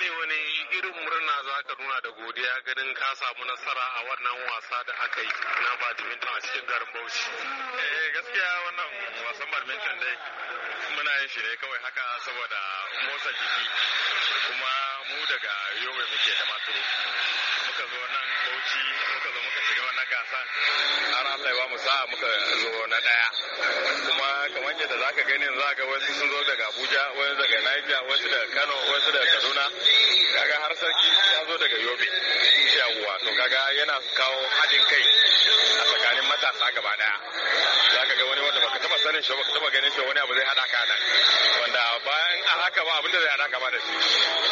ne wani irin murna za ka nuna da godiya ganin ka samu nasara a wannan wasa da aka yi na badminton a cikin garin Bauchi. Eh gaskiya wannan wasan badminton dai muna yin shi ne kawai haka saboda motsa jiki kuma mu daga yobe muke da maturu muka zo nan gasan har Allah ba mu muka zo na daya kuma kamar yadda ka gani yanzu ga wasu sun zo daga Abuja wasu daga Niger wasu daga Kano wasu daga Kaduna kaga har sarki ya zo daga Yobe yawwa to kaga yana kawo haɗin kai a tsakanin matasa gaba daya zaka ga wani wanda baka taba sanin shi baka taba ganin shi wani abu zai hada ka nan wanda bayan a haka ba abinda zai ka ba da shi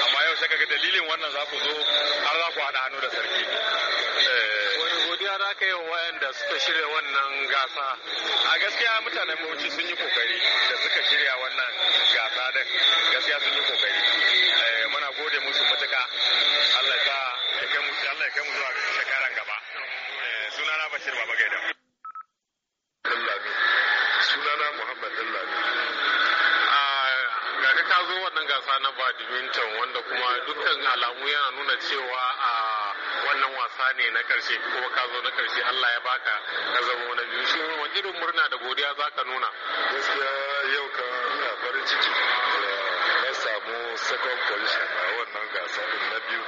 amma yau sai dalilin wannan za ku zo har za ku hannu da sarki da suka shirya wannan gasa a gaskiya mutanen bauchi sun yi kokari da suka shirya wannan gasa da gaskiya sun yi kokari eh, muna gode musu matuka allah ya kai mu allah ya kai zuwa shekaran gaba eh, sunana bashir baba gaida dallami sunana muhammad dallami ah, ga ka zo wannan gasa na badminton wanda kuma dukkan alamu yana nuna cewa a ah, wasa ne na karshe kuma ka zo na karshe Allah ya baka ka zama na biyu shi wani irin murna da godiya za ka nuna gaskiya yau ka nuna farin ciki na samu second position a wannan gasa din na biyu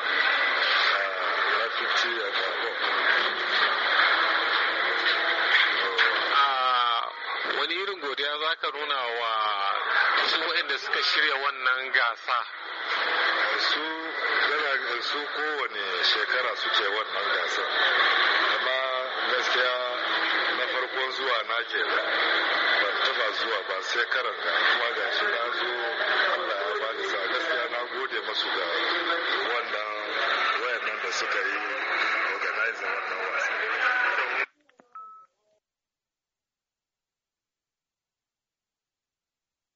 ah, na 50 a ah, wani irin godiya za ka nuna wa su waɗanda suka shirya wannan gasa ah, su su kowane shekara suke wannan gasar amma gaskiya na farko zuwa na ke ban taba zuwa ba sai karar da kuma ga shi na zo allah ya bani sa gaskiya na gode masu ga wannan wayannan da suka yi organizing wannan